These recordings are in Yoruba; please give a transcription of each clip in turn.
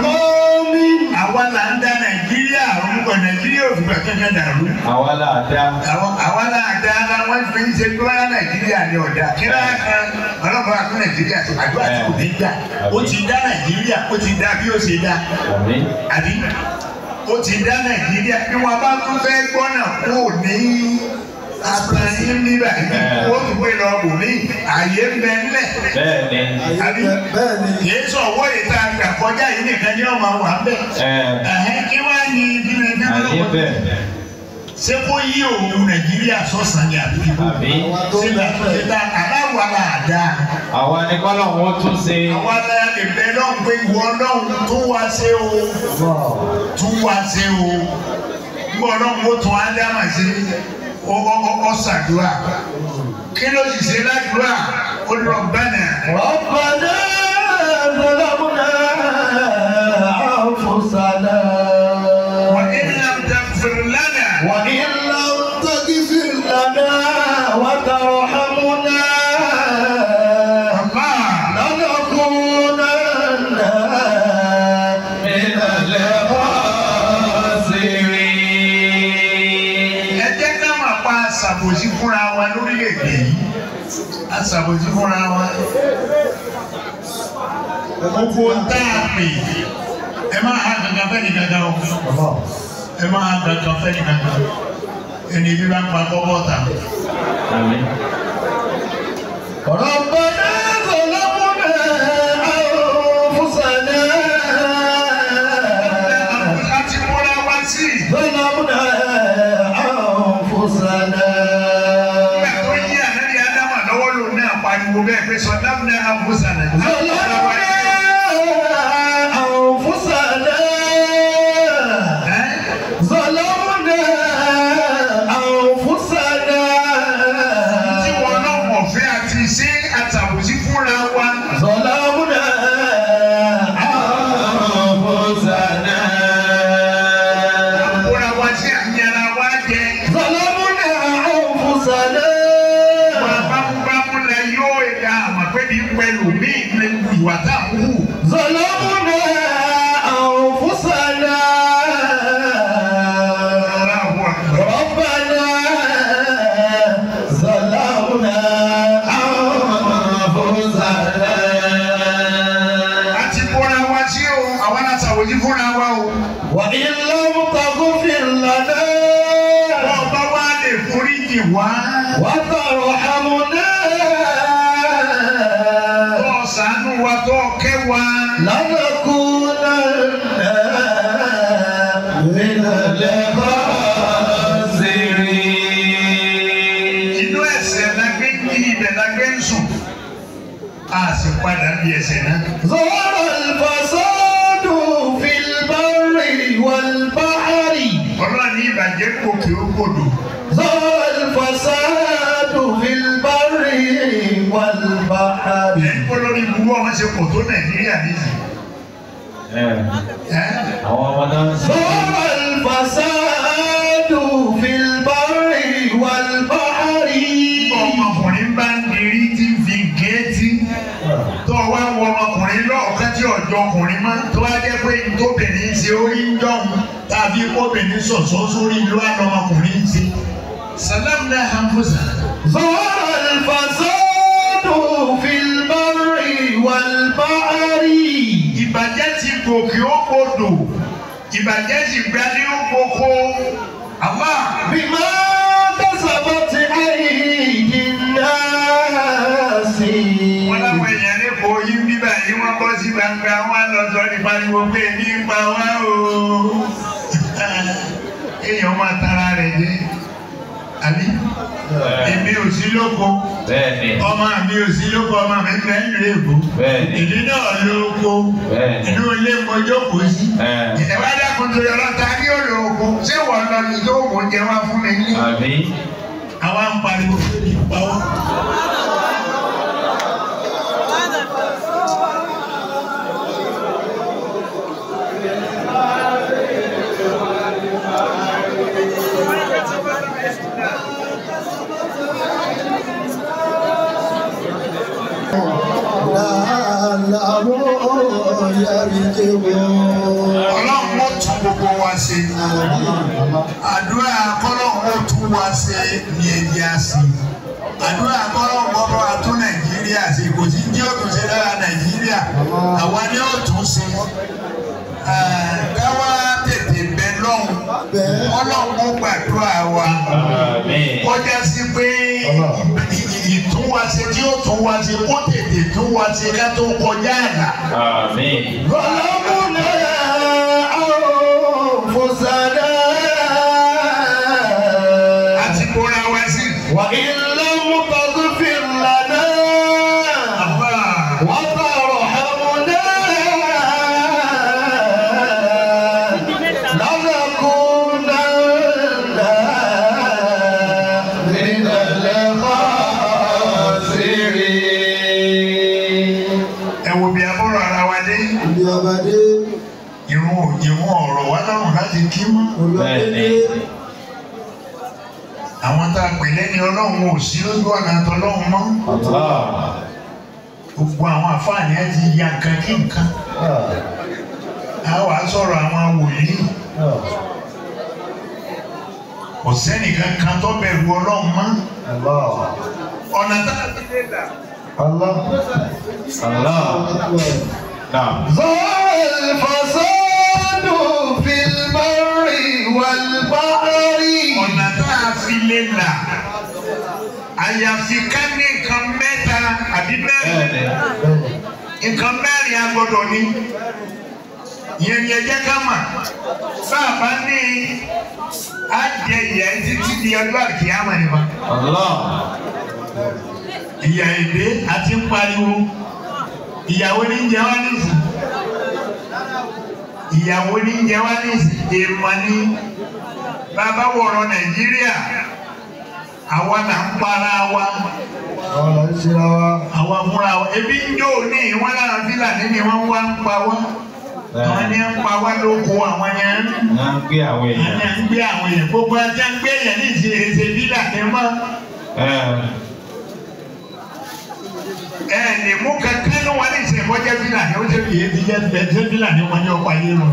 àmín. àwa là ń da nàìjíríà àrùn kọ nàìjíríà òfìgbà kankan dàrú. àwa là á dá. àwa là á dá ara wọn fi ń ṣe gbọ́dá nàìjíríà ní ọ̀dà. kíra kan ọlọ́pàá fún nàìjíríà tó àdúrà tí ní gbà. ó ti dá nàìjíríà ó ti dá bí ó ṣe dá. àbí ó ti dá nàìjíríà bí wọn bá tún fẹ́ gbọ́nà kó ní àtàn yín níbà yìí wọ́n ti wé lọ bò mí àyè mẹ́lẹ̀. bẹ́ẹ̀ni bẹ́ẹ̀ni. yéé sọ owó yìí tá a kọjá yìí nìkan ni ọmọ wa bẹ. ẹhẹn kí wàá ní ibi rẹ ní ọlọ́wọ́ tẹ. ṣé kó yí òun nàìjíríà sọ̀sán ni àbí. ṣé bá ta aláwọ̀ ara àdá. àwa ni wọn tún ṣe. àwa la ìbẹ́ náà pé wọ́n náà tún wá ṣe o. tún wá ṣe o. gbọ́dọ̀ mo tún á dá màá ọ̀sàdúrà kí ló sì ṣe ládùúrà ó lọ bẹ́nà. ọ̀bàdà ṣọlọ́mùnà àfọ̀sàdà. wà ní ìlànà tẹ̀sán lánàá. wà ní ṣàbòjì fúnra wọn gbogbo tá a pè ẹ máa ha gangan fẹ́ ni gangan o ẹ máa ha gangan fẹ́ ni o ẹni bí bá ń pa kọ́kọ́ ta. ọ̀rọ̀ Tumekusodamna anfusana. Allah Zalamu ìbàjẹ́ gòkè ó gbòdò. Zọ́lfàṣádù fìlbárì wàlbà àbí. lórí ìbúwọ́ wọn ṣe pọ̀ tó Nàìjíríà níyì. Àwọn ọmọ náà ń sọ. Zọ́lfàṣádù fìlbárì wàlbà Ọmọkùnrin bá ń dirí tí fi géètì. Ah. Tó wọ ọmọkùnrin lọ́ọ̀kan tí ọ̀jọ̀kùnrin máa tó wá jẹ́ pé ntóbìnrin ṣe orí àbí obìnrin sọ̀sọ́ sórí ìlú àlọ́mọkùnrin ti. salam na hamza. zọ́ọ̀rọ̀ ìfàsọ́dù fìlbárì wàlbárì. ìbàjẹ́ ti gòkè ó ìbàjẹ́ ti gbalé ó koko. àmà. bímọ tẹsánbọ ti àyè ìnáàsì. wọn láwọn èèyàn lè kó yín bíbá yín wọn kọ sí gbangba wọn lọ sọ ní pariwo pé ní pa wọn. èmi ò sí lóko ọmọ mi ò sí lóko ọmọ mi bẹ ń lè bò ìdí náà lóko inú ilé mo jókòó sí ìdẹ̀wá dákun tó yọ lọ́ta ní olóko ṣé wọ́n lọ ní tó kò jẹ wá fún mi ní. àwa ń pariwo ìpawọ́. àríjẹ wọn. ọlọ́run ó tún gbogbo wa ṣe. àdúrà kọ́lọ́run ó tún wa ṣe ní ẹ̀dí àṣì. àdúrà kọ́lọ́run ọmọ àtún nàìjíríà ṣe kò sí jẹ́ òtún ṣe lára nàìjíríà àwa ni ó tún ṣe. káwá tètè bẹ lọ́hùn ọlọ́run ó gbàdúrà wa. kọjá ṣe tí ó tún wá kó tètè tún wá ká tó kọjá àná. Bọ́lámú náà kò àwọn tá a pè lẹ́ni ọlọ́run ò sí lójú ọ̀nà àtọ́lọ́run mọ́. gbogbo àwọn àfáàní ẹ ti ya nǹkan kí nǹkan. a wàá sọ̀rọ̀ àwọn wòlíì. kò sẹ́nìkan kan tó bẹ̀rù ọlọ́run mọ́. ọ̀nà tá a fi lè là. Allah. Allah. àyàfi ká ní nǹkan mẹ́ta àbí mẹ́rin nǹkan mẹ́rin agbọ́dọ̀ ní yẹn ni ẹ jẹ́ ká mà sáàbà ní àjẹ ìyá ẹ títí di ọjọ́ àkíyàmọ ni mà. ìyá èdè àti ń pariwo ìyàwó ní ń jẹ wá nísìn ìyàwó ní ń jẹ wá nísìn èèmọ ní bàbá wọ̀rọ̀ Nàìjíríà àwa là ń para wa. àwa là ń ṣera wa. àwa múra wa ebi ń jó ní ìwọ́n lára fílàní ni wọ́n wá ń pa wá. àwọn ni ń pa wá lóko àwọn yẹn. à ń gbé àwọn èèyàn. à ń gbé àwọn èèyàn gbogbo ajá ń gbé èèyàn ní ìṣèrèsè fílàní mọ́. ẹ lè mú kankan ní wọn ní ìṣèkọjẹ fílàní ó ṣe fìyè ti jẹ fìlàní wọn ní ọkọ ayé wọn.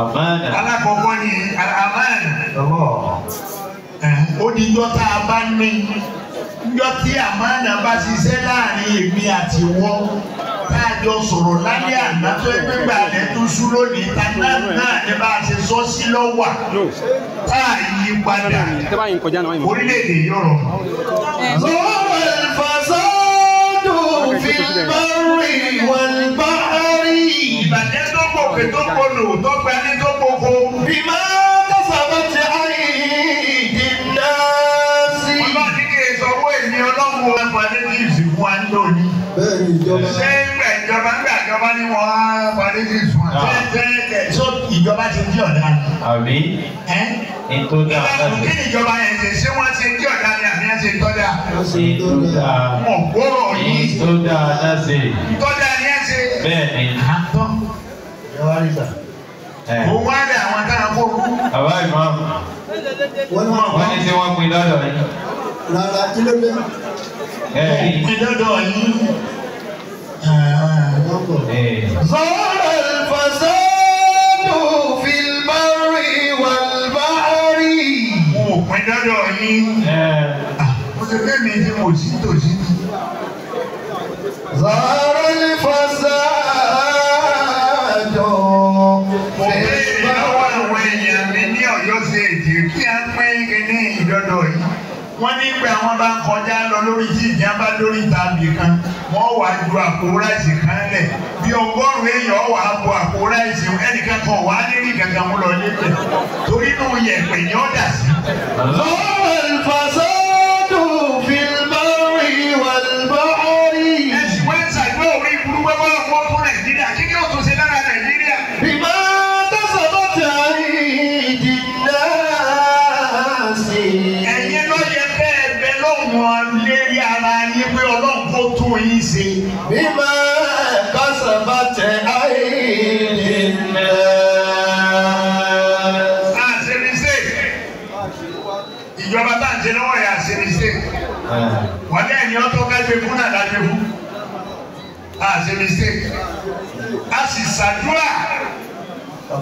àmánà. alákọ̀ọ́kọ́ ni àmánà. ó di ijọ́ tá a bá ní ijọ́ tí àmánà bá ṣiṣẹ́ láàrin èmi àti wọ́ tá a jọ sọ̀rọ̀ lálẹ́ àná tó ẹgbẹ́ gbà lẹ́ tó sú lónìí tá náà náà ní bá a ṣe sọ sí lọ́wọ́ tá a yí padà orílẹ̀-èdè yọ̀rọ̀. lọ́wọ́ ìfàsọ́dún fi bá rìn wọ́n bá rí ìbàdàn òkè tó kọlù tó gbẹni tó gbogbo. bímọ kásábà ti àyè ìdìnnà sí. ọlọ́ọ̀ni kì í sọ̀rọ̀ èmi ọlọ́run wọn pàdé ní ìsìnkú wa lónìí. bẹ́ẹ̀ni ìjọba. ṣé ìgbà ìjọba ńgbà ìjọba ni wọn á pàdé ní ìsìnkú wa. Ah. ṣé ṣó ìjọba ti di ọ̀dà ni. àbí ètò dáa. ìjọba ìjọba yẹn ṣe ṣé wọ́n ti di ọ̀dà ni àbí ẹ̀ ṣe ó ṣe tó dáa. mọ̀ gbọ́rọ̀ yìí. ni ẹ ṣe. Eh. mo wá rí àwọn táwọn kó. bàbá ìmọ̀ wọ́n ní tí wọ́n pin lọ́dọ̀ yìí. rárá kí ló dé. pin eh. lọ́dọ̀ yìí. Zọ́ọ̀rọ̀ ìfọ̀sọ́ọ̀dù fìlbárì wàlbárì. Mo pin lọ́dọ̀ yìí. Mo ṣe fẹ́ mi tí mo sì tòṣì. Zọ́ọ̀rọ̀. pé àwọn bá ń kọjá lọ lórí tí ìjà bá lórí tàbí kan wọ́n wà ju àpò kan lẹ̀ bí ọgọ́rùn èèyàn wà á bo àpò ẹnìkan kan wà á nírí kankan lọ nílẹ̀ torí nù yẹ̀pẹ̀ ni ó dà sí.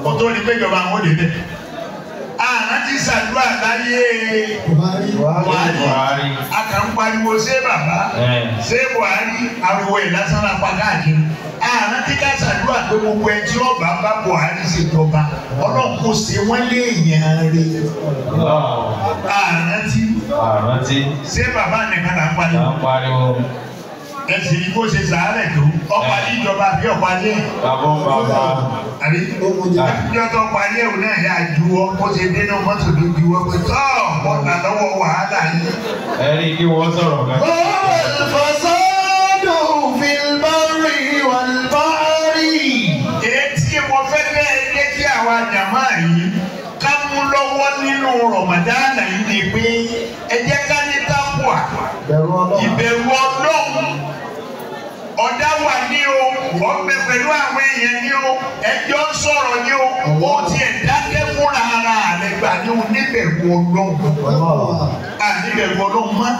kó tó di pé ìjọba àwọn òde bẹ àrántí ṣàdúrà láyé Buhari akànpariwo ṣé bàbá ṣé Buhari ariwo ìlàsán la pa káàkiri àrántí ká ṣàdúrà pé gbogbo ẹ tí ọba bá Buhari ṣèjọba ọlọ́kùn ṣe wọ́n lé èèyàn rè àrántí ṣé bàbá nìkan là ń pariwo ẹsẹ̀ yìí kó ṣe sàárẹ̀ tó ọ̀pá ní ìjọba àbí ọ̀pá ní. àbọ̀ bàbá. àbí àbíjọ́ tó parí ẹ̀wù náà yà juwọ́ kó ṣe dénú mọ́tò ló juwọ́ pé tọ́ ọ̀ nà lọ́wọ́ wàhálà yìí. ẹ rí i kí wọ́n sọ̀rọ̀ kan. olùfọ̀sọ́dù fìlbárì wàlbárì. etí mo fẹ́ bẹ́ẹ̀ lé kí àwa jàmá yìí ká mú lọ́wọ́ nínú rọ̀mọ̀dánà ìbẹ̀rù ọlọ́ ọ̀dà wà ní o ọ̀pẹ pẹ̀lú àwọn èèyàn ní o ẹjọ́ sọ̀rọ̀ ní o ó tiẹ̀ dákẹ́ fúnra ara rẹ̀ gbà ní o níbẹ̀rù ọlọ́run àníbẹ̀rù ọlọ́run mọ́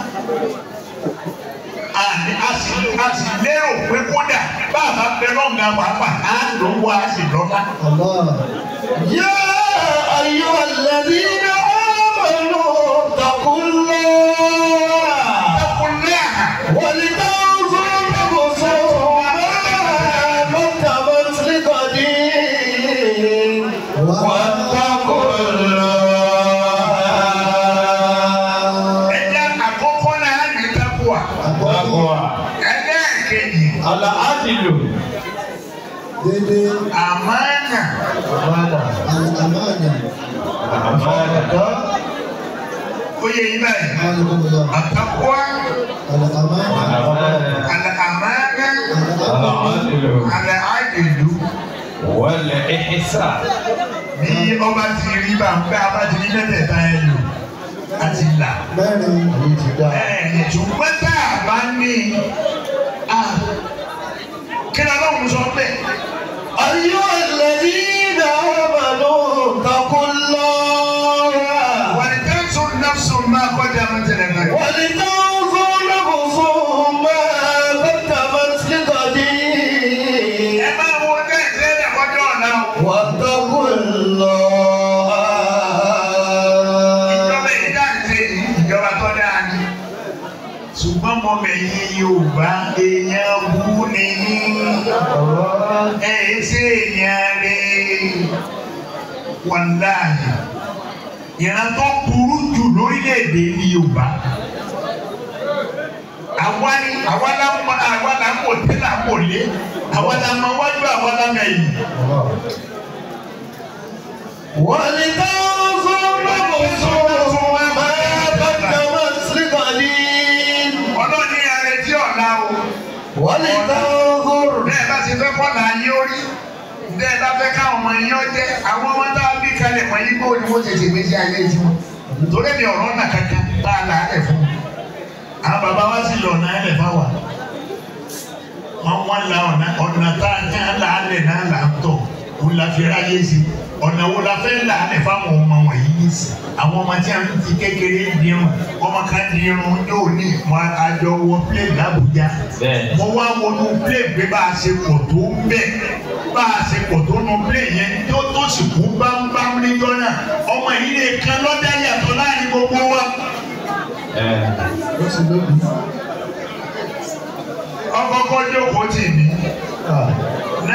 àní a pé kódà bá a bá á lò wá a sì yá ayé àlàyé náà ọmọ ìlú takunlá. takunlá wọlé. ó yẹ yín báyìí. àtàkùwá àlàmánà àlàádìlú. wọlé ẹhẹsà. bí ọba ti rí bá ń bẹ́ abájú ní mẹ́tẹ̀ẹ̀ta yẹn lò àti là. bẹ́ẹ̀ni ìlú ti dá. bẹ́ẹ̀ni ṣùgbọ́n bá ní kí ni aláwọ̀ sọ pé ọ̀rẹ́ yóò. Yorùbá èèyàn bú ni ẹ ṣe èèyàn rẹ wàláhì ìran tó burú jù lórílẹ̀‐èdè ní Yorùbá àwa ni àwa la mọ àwa la mọ tí la mọ lé àwa la mọ wájú àwa la mọ yìí. wọ́n ní táwọn sọ́ọ́ bá wọ́n sọ. lórí bẹ́ẹ̀ bá fẹ́ káwọn ọmọ yín ọjẹ́ àwọn ọmọ tá a bí kalẹ̀ mọ́ yín bóyá wọ́n tètè méjì ayé tí wọn torí mi ọ̀rọ̀ ọ̀nà kankan tá a là á lẹ̀ àwọn bàbá wa sì lọ ọ̀nà ẹ̀lẹ̀ bá wà wọ́n wọ́n la ọ̀nà tá a ní àlàálẹ̀ náà là ń tọ̀ òun la fi ráyé sí i ọ̀nà wo la fẹ́ là lẹ̀ fáwọn ọmọ wọ̀nyí nísì àwọn ọmọ tí a ń fi kékeré dirun ọmọ ká dirun yóò ní wọn àjọ wọ plane l'Abuja mo wá wọnú plane pé bá a ṣe pọ̀ tó ń bẹ̀ bá a ṣe pọ̀ tó nu plane yẹn tó tó sì kú bámbám níjọ́ náà ọmọ yìí lè kan lọ́dá yàtọ̀ láàrin gbogbo wa. ọkọ̀ kọjú òkú tì mí. Ah.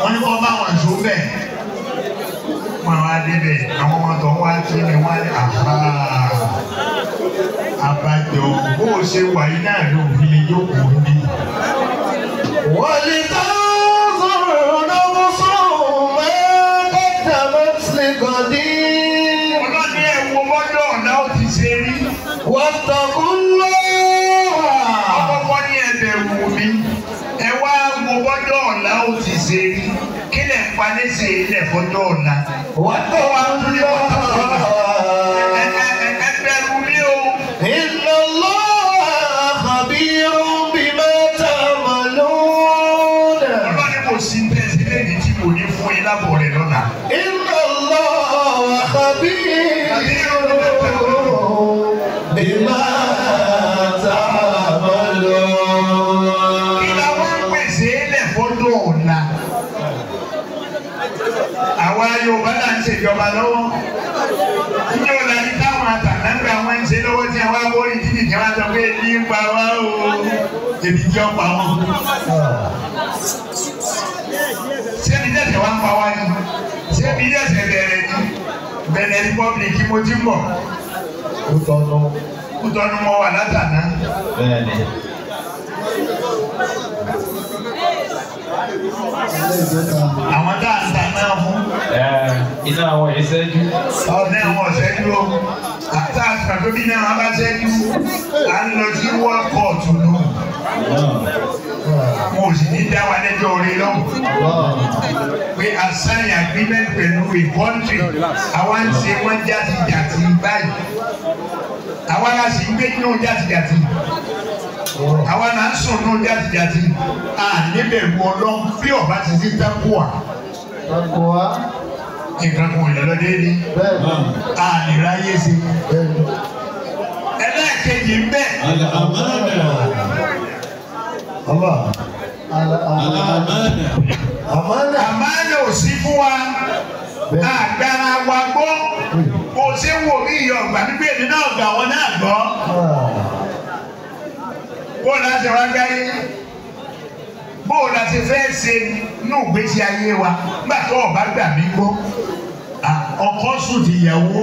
wọ́n ní kó bá wọn tó bẹ̀ wọn wá débẹ̀ àwọn ọmọ tó wá kí ni wọ́n ní àbá àbájọ bó o ṣe wà yín náà ló fi lè jókòó ní. wọ́n lè tán. falẹ̀ ṣe ilẹ̀ fún náà la. wọ́n tó wá ń lọ́wọ́. Benin Republic mo ti ń bọ̀. Kútọ́nù. mo wà látàná. Bẹ́ẹ̀ni. Àwọn tá a ta náà fún. Iná àwọn ìṣẹ́jú. Ọ̀nà àwọn ìṣẹ́jú o. Àtà àtàkùn náà wọ́n bá ṣẹ́jú. À ń lọ sí World Cup mo sì ní dá wa lẹ́jọ́ orí lọ́wọ́ pé a sign agreement pẹ̀lú a country àwa ń ṣe wọ́n jàtijàti báyìí àwa la sì ń gbé nínú jàtijàti àwa là ń sùn nínú jàtijàti à níbẹ̀ wọ lọ bí ọba ti ti dákú wa nǹkan kan ìlọlọdé ni à nira yé si ẹlẹ́ẹ̀kejì ń bẹ. Allah. Àmàna. Àmàna. Àmàna ò sí fún wa. Àgbára wa gbọ́. Kò sí wò mí iyọ̀ ọ̀gbà nígbà èmi náà gbà wọn náà gbọ́. Ah. Bó la ṣe wá gbáyé? Bó la ṣe fẹ́ ṣe nínú ìgbésí ayé wa? Nígbà tó o bá gbà mí gbọ́. Ah, ọkọ sùn ti yẹ̀wò.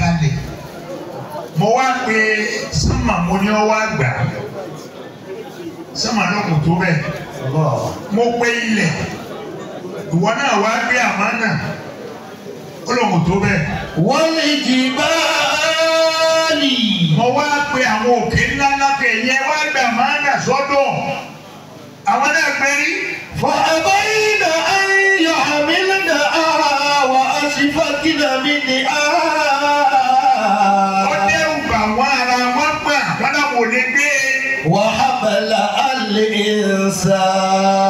mo wá pe sánmà mo ní ọ wá gbà sánmà náà kò tó bẹ́ẹ̀ mo pe ilẹ̀ ìwọ náà wá gbé àmánà ó lóun kò tó bẹ́ẹ̀. wọ́n lè jì báàlì. mo wá pe àwọn òkè ńlá ńlá pé ẹ̀yẹ wá gbà àmánà sọ́dọ̀ àwọn náà gbé rí. fọ́ àbáyé náà ń yọ àmì lẹ́dàá ara wa a sì fọ́ ní ara. Sansa.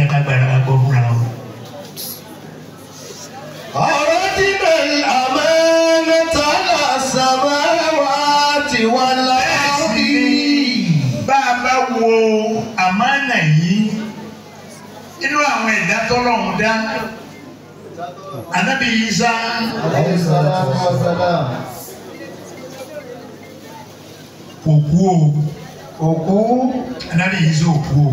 yẹ ká gbàdá wa gbọ́ fúnra wa. ọ̀rọ̀ tí bẹ́ẹ̀ àmọ́ mẹ́ta là sàmà wá ti wà láàbí. bá a bá wo àmánà yìí inú àwọn ẹ̀dá tọ́lọ́hún dá anabi Isa. òkú o. òkú. anabi Isa òkú o.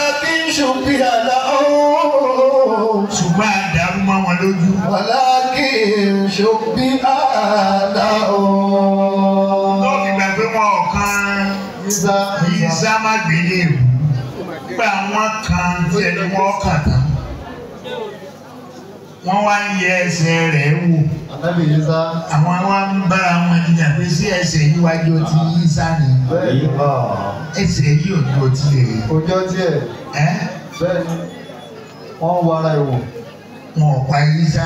من شب آلاؤهم tó fi gbà pé wọn ọ̀kan yìí sá má gbélé o pé àwọn kan tiẹ̀ ni wọ́n kà tá wọ́n wá ń yẹ ẹsẹ̀ rẹ̀ wò àwọn wa ń bára wọn jìjà pé sí ẹsẹ̀ yìí wájú ọtí yìí sá ni ẹsẹ̀ yìí ò ní ọtí rẹ̀. ọjọ́ díẹ̀ bẹ́ẹ̀ ni wọ́n wọ ara ìwò. wọn ò pa yìí sá.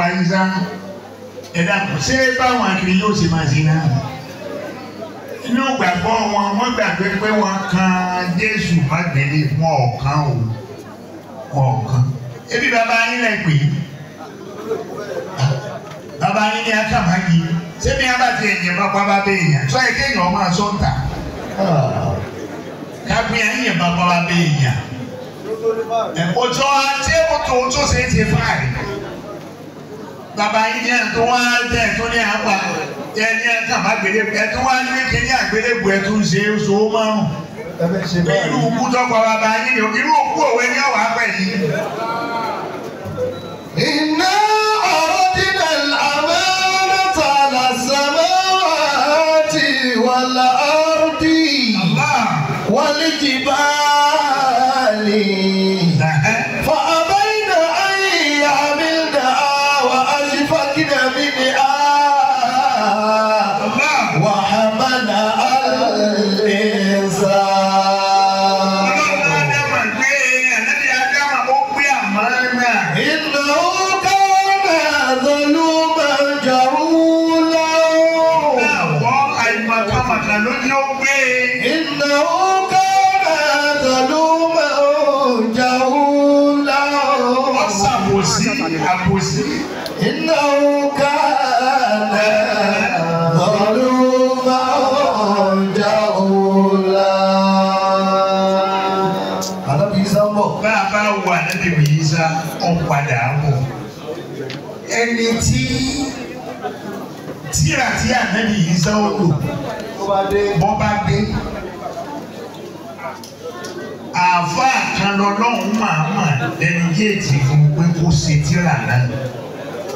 pa yín sá ẹ̀dá kù ṣé akiri yóò ṣe máa ṣe inú gbàgbọ́ wọn wọ́n gbàgbé pé wọ́n kan Jésù má gbélé wọn ọ̀kan o wọn ọ̀kan ebi bàbá yín lẹ pè é bàbá yín ni akàmáyé sẹ́mi abàtì ẹ̀yẹ̀ bá bá bá bẹ́ẹ̀ yàn sọ yẹ kéèyàn ọmọ àsọ̀ǹtà kápẹ́ ẹ̀yẹ̀ bá bá bá bẹ́ẹ̀ yàn ẹ̀kọ́jọ́ àti ẹ̀kọ́tò tó ṣe é ṣe fáàrí bàbá yìí jẹ́ ẹ̀tún wá jẹ́ ẹ̀tún ní àpà ẹni ẹ̀tún àgbélébù ẹ̀tún wá ní kí ní àgbélébù ẹ̀tún ṣe oṣù márùn-ún irú òkú tọ́pọ̀ bàbá yìí ni irú òkú òwe ní ọ̀wá pẹ̀ yìí. iná ọ̀rọ̀ dídà àmọ́ rẹ̀tà làṣàmọ́ àti wàlà ọ̀rọ̀ dì wàlẹ̀ jìbá. ọ̀nà ló ní ó gbé. ìnáwó kọ́ra àtàlùmọ̀ ọjà ńlá. wọ́n ṣàbòsí àbòsí. ìnáwó kọ́ra àtàlùmọ̀ ọjà ńlá. alábìyí sá ẹni tí tíra tí ànábìyí sá ń lò bá dé. bó bá dé. àáfàá kan lọ́lọ́run màmá lẹ́nu géètì fún pé kó ṣe tíra náà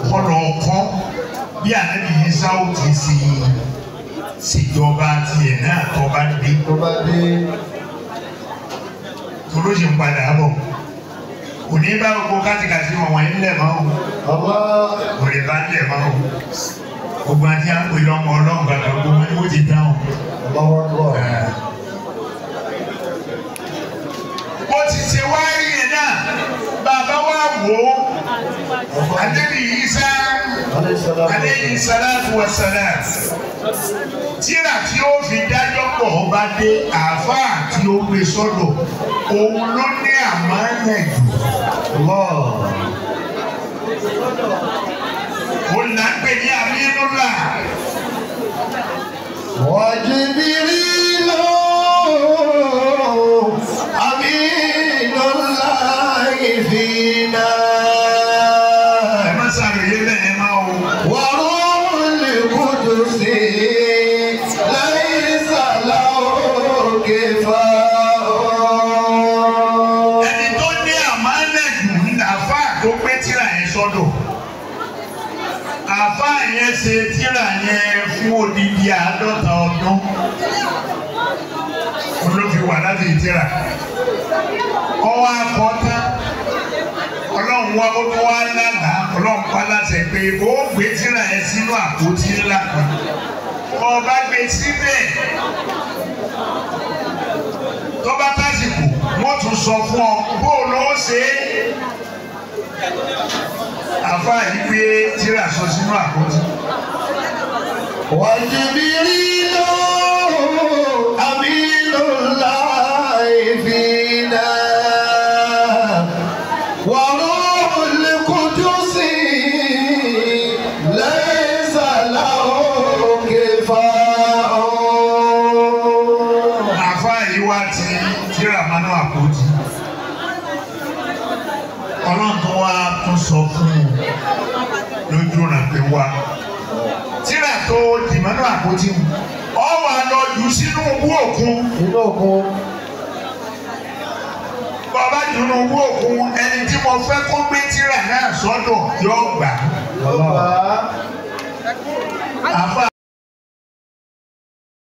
kọ́lọ̀ ọkọ́ bí ànábì yìí sáwọ́ ti ṣe ṣèjọba tiẹ̀ náà tó bá dé. tó bá dé. olóṣèlú padà bọ̀ òní bá gbogbo kátìkàtì wọn wọ̀nyí ńlẹ̀ mọ́ o. ọ̀pọ̀ òrìbá ńlẹ̀ mọ́ o gbogbo àti àpò ìlọmọ ọlọ́run gbàgbà gbogbo ni wọ́n ti dáhùn. bó ah. ti ṣe wá rí náà bàbá wa wò ó àdébí Ìsá aleyhi salatu wa salam tíra tí ó fi dájọ́ pọ̀ ọba dé àáfàá tí ó gbé sọ́dọ̀ òun ló ní àmọ́ ẹ̀yìn lọ́ọ̀ ọ̀la. Wọ́jú bírí lọ, àmì ìdọ́lá ìfìnà. tírà ọwọ́ akọ tán ọlọ́run wa ó tó wá lálàá ọlọ́run pa láti pé ó gbé tírà ẹ sínú àpótí ńlá kan ọba gbé síbẹ̀ tó bá tásìkò wọ́n tún sọ fún ọ bó ló ṣe é àfa yìí gbé tírà sọ sínú àpótí. wàjú mi rí lọ. pè wá tíra tó dìmọ́nú àpótí mu ọ wà lọ jù sínú owó òkun. sínú òkun. bàbá dùnú owó òkun ẹni tí mo fẹ́ kó gbé tíra náà sọ́dọ̀ yóò àfa.